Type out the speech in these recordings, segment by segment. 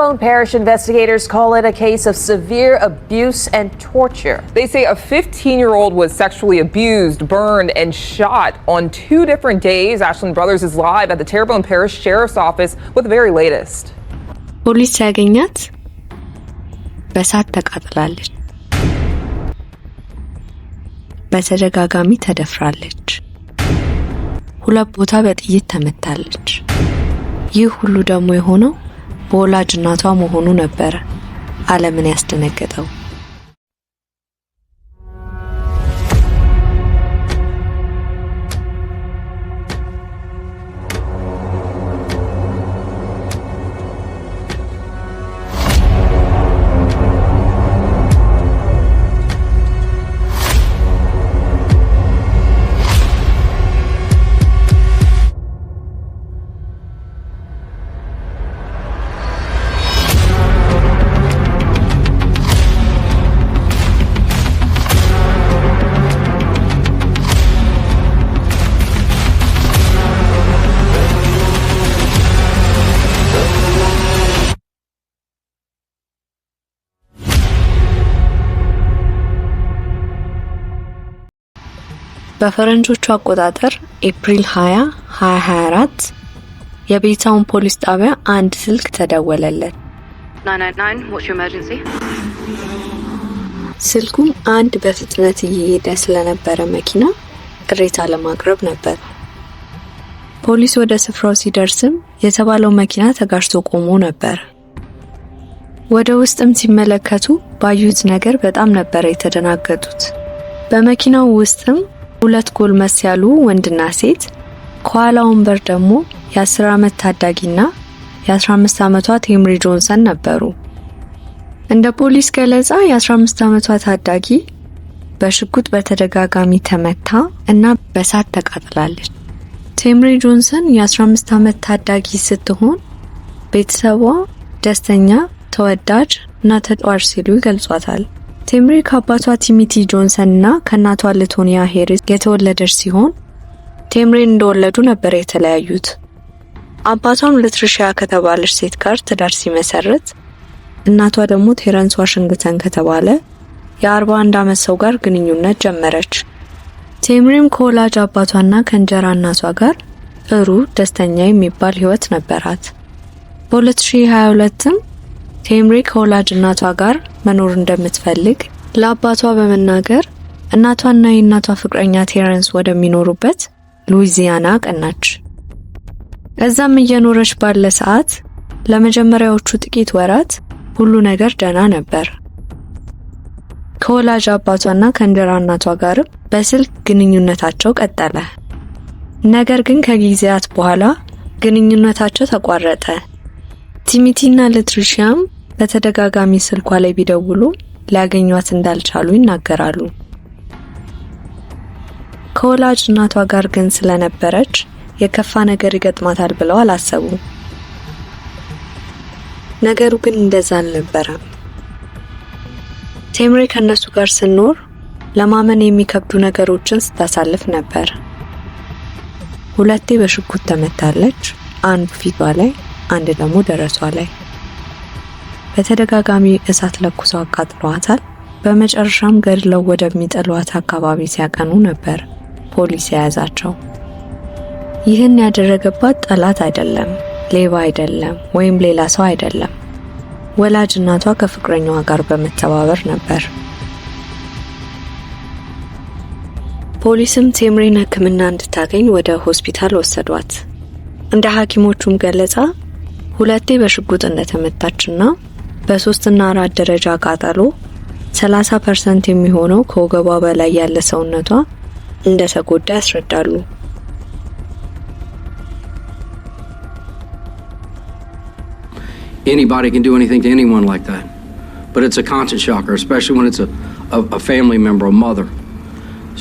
Terrebonne Parish investigators call it a case of severe abuse and torture. They say a 15 year old was sexually abused, burned, and shot on two different days. Ashland Brothers is live at the Terrebonne Parish Sheriff's Office with the very latest. ሁለት ቦታ በጥይት ተመታለች። ይህ ሁሉ ደግሞ የሆነው በወላጅ እናቷ መሆኑ ነበር አለምን ያስደነገጠው። በፈረንጆቹ አቆጣጠር ኤፕሪል 20 2024 የቤታውን ፖሊስ ጣቢያ አንድ ስልክ ተደወለለት። ስልኩም አንድ በፍጥነት እየሄደ ስለነበረ መኪና ቅሬታ ለማቅረብ ነበር። ፖሊስ ወደ ስፍራው ሲደርስም የተባለው መኪና ተጋጭቶ ቆሞ ነበር። ወደ ውስጥም ሲመለከቱ ባዩት ነገር በጣም ነበረ የተደናገጡት። በመኪናው ውስጥም ሁለት ጎልመስ ያሉ ወንድና ሴት ከኋላ ወንበር ደግሞ የ10 ዓመት ታዳጊና የ15 ዓመቷ ቴምሪ ጆንሰን ነበሩ። እንደ ፖሊስ ገለጻ የ15 ዓመቷ ታዳጊ በሽጉጥ በተደጋጋሚ ተመታ እና በሳት ተቃጥላለች። ቴምሪ ጆንሰን የ15 ዓመት ታዳጊ ስትሆን ቤተሰቧ ደስተኛ፣ ተወዳጅ እና ተጫዋች ሲሉ ይገልጿታል። ቴምሪ ከአባቷ ቲሚቲ ጆንሰን እና ከእናቷ ሊቶኒያ ሄሪስ የተወለደች ሲሆን ቴምሪን እንደወለዱ ነበር የተለያዩት። አባቷም ለትርሻያ ከተባለች ሴት ጋር ትዳር ሲመሰርት፣ እናቷ ደግሞ ቴረንስ ዋሽንግተን ከተባለ የ41 ዓመት ሰው ጋር ግንኙነት ጀመረች። ቴምሪም ከወላጅ አባቷና ከእንጀራ እናቷ ጋር ጥሩ ደስተኛ የሚባል ህይወት ነበራት። በ2022ም ቴምሪ ከወላጅ እናቷ ጋር መኖር እንደምትፈልግ ለአባቷ በመናገር እናቷና የእናቷ ፍቅረኛ ቴረንስ ወደሚኖሩበት ሉዊዚያና ቀናች። እዛም እየኖረች ባለ ሰዓት ለመጀመሪያዎቹ ጥቂት ወራት ሁሉ ነገር ደህና ነበር። ከወላጅ አባቷና ከእንጀራ እናቷ ጋርም በስልክ ግንኙነታቸው ቀጠለ። ነገር ግን ከጊዜያት በኋላ ግንኙነታቸው ተቋረጠ። ቲሚቲና ለትሪሺያም በተደጋጋሚ ስልኳ ላይ ቢደውሉ ሊያገኟት እንዳልቻሉ ይናገራሉ። ከወላጅ እናቷ ጋር ግን ስለነበረች የከፋ ነገር ይገጥማታል ብለው አላሰቡ ነገሩ ግን እንደዛ አልነበረም። ቴምሬ ከእነሱ ጋር ስኖር ለማመን የሚከብዱ ነገሮችን ስታሳልፍ ነበር። ሁለቴ በሽጉጥ ተመታለች፣ አንዱ ፊቷ ላይ አንድ ደግሞ ደረሷ ላይ። በተደጋጋሚ እሳት ለኩሰው አቃጥለዋታል። በመጨረሻም ገድለው ወደሚጠሏት አካባቢ ሲያቀኑ ነበር ፖሊስ የያዛቸው። ይህን ያደረገባት ጠላት አይደለም፣ ሌባ አይደለም፣ ወይም ሌላ ሰው አይደለም። ወላጅ እናቷ ከፍቅረኛዋ ጋር በመተባበር ነበር። ፖሊስም ቴምሬን ሕክምና እንድታገኝ ወደ ሆስፒታል ወሰዷት። እንደ ሐኪሞቹም ገለጻ ሁለቴ በሽጉጥ እንደተመታችና በሶስትና አራት ደረጃ ቃጠሎ 30 ፐርሰንት የሚሆነው ከወገቧ በላይ ያለ ሰውነቷ እንደተጎዳ ያስረዳሉ። Anybody can do anything to anyone like that. But it's a constant shocker, especially when it's a, a, a family member, a mother.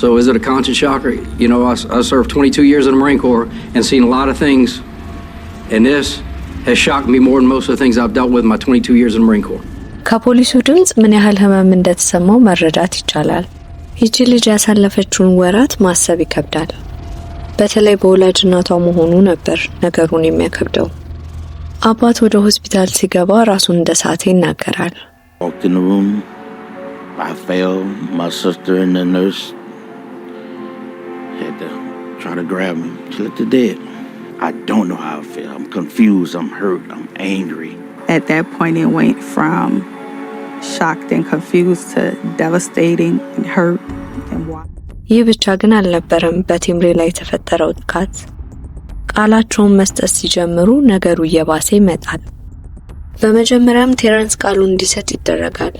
So is it a constant shocker? You know, I, I served 22 years in the Marine Corps and seen a lot of things, and this has shocked me more than most of the things I've dealt with in my 22 years in the Marine Corps. ከፖሊሱ ድምፅ ምን ያህል ህመም እንደተሰማው መረዳት ይቻላል። ይቺ ልጅ ያሳለፈችውን ወራት ማሰብ ይከብዳል። በተለይ በወላጅ እናቷ መሆኑ ነበር ነገሩን የሚያከብደው። አባት ወደ ሆስፒታል ሲገባ ራሱን እንደ ሳተ ይናገራል። I don't know how I feel. I'm confused, I'm hurt, I'm angry. At that point, it went from shocked and confused to devastating and hurt and wild. ይህ ብቻ ግን አልነበረም። በቴምሬ ላይ የተፈጠረው ጥቃት ቃላቸውን መስጠት ሲጀምሩ ነገሩ እየባሰ ይመጣል። በመጀመሪያም ቴረንስ ቃሉ እንዲሰጥ ይደረጋል።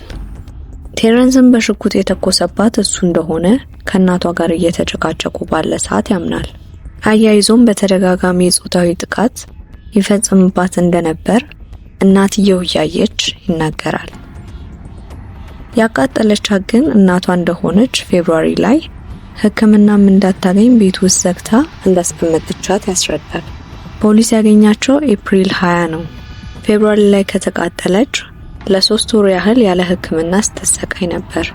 ቴረንስን በሽጉጥ የተኮሰባት እሱ እንደሆነ ከእናቷ ጋር እየተጨቃጨቁ ባለ ሰዓት ያምናል። አያይዞም በተደጋጋሚ ጾታዊ ጥቃት ይፈጽምባት እንደነበር እናትየው እያየች ይናገራል። ያቃጠለቻት ግን እናቷ እንደሆነች ፌብሯሪ ላይ ሕክምናም እንዳታገኝ ቤት ውስጥ ዘግታ እንዳስቀመጠቻት ያስረዳል። ፖሊስ ያገኛቸው ኤፕሪል 20 ነው። ፌብሯሪ ላይ ከተቃጠለች ለሶስት ወር ያህል ያለ ሕክምና ስትሰቃይ ነበር።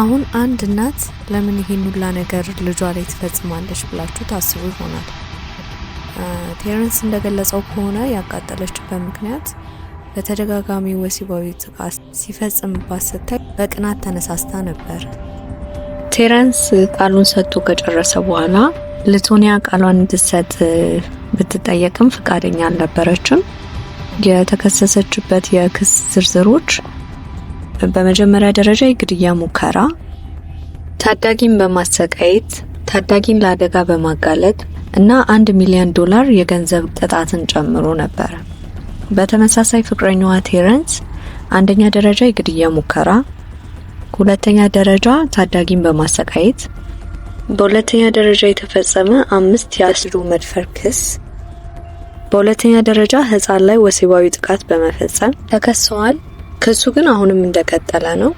አሁን አንድ እናት ለምን ይሄን ሁላ ነገር ልጇ ላይ ትፈጽማለች ብላችሁ ታስቡ ይሆናል። ቴረንስ እንደገለጸው ከሆነ ያቃጠለችበት ምክንያት በተደጋጋሚ ወሲባዊ ጥቃት ሲፈጽምባት ስታይ በቅናት ተነሳስታ ነበር። ቴረንስ ቃሉን ሰጥቶ ከጨረሰ በኋላ ልቶኒያ ቃሏን እንድትሰጥ ብትጠየቅም ፍቃደኛ አልነበረችም። የተከሰሰችበት የክስ ዝርዝሮች በመጀመሪያ ደረጃ የግድያ ሙከራ፣ ታዳጊን በማሰቃየት ታዳጊን ለአደጋ በማጋለጥ እና አንድ ሚሊዮን ዶላር የገንዘብ ቅጣትን ጨምሮ ነበር። በተመሳሳይ ፍቅረኛዋ ቴረንስ አንደኛ ደረጃ የግድያ ሙከራ፣ ሁለተኛ ደረጃ ታዳጊን በማሰቃየት፣ በሁለተኛ ደረጃ የተፈጸመ አምስት የአስሩ መድፈር ክስ፣ በሁለተኛ ደረጃ ህፃን ላይ ወሲባዊ ጥቃት በመፈጸም ተከሰዋል። ክሱ ግን አሁንም እንደቀጠለ ነው።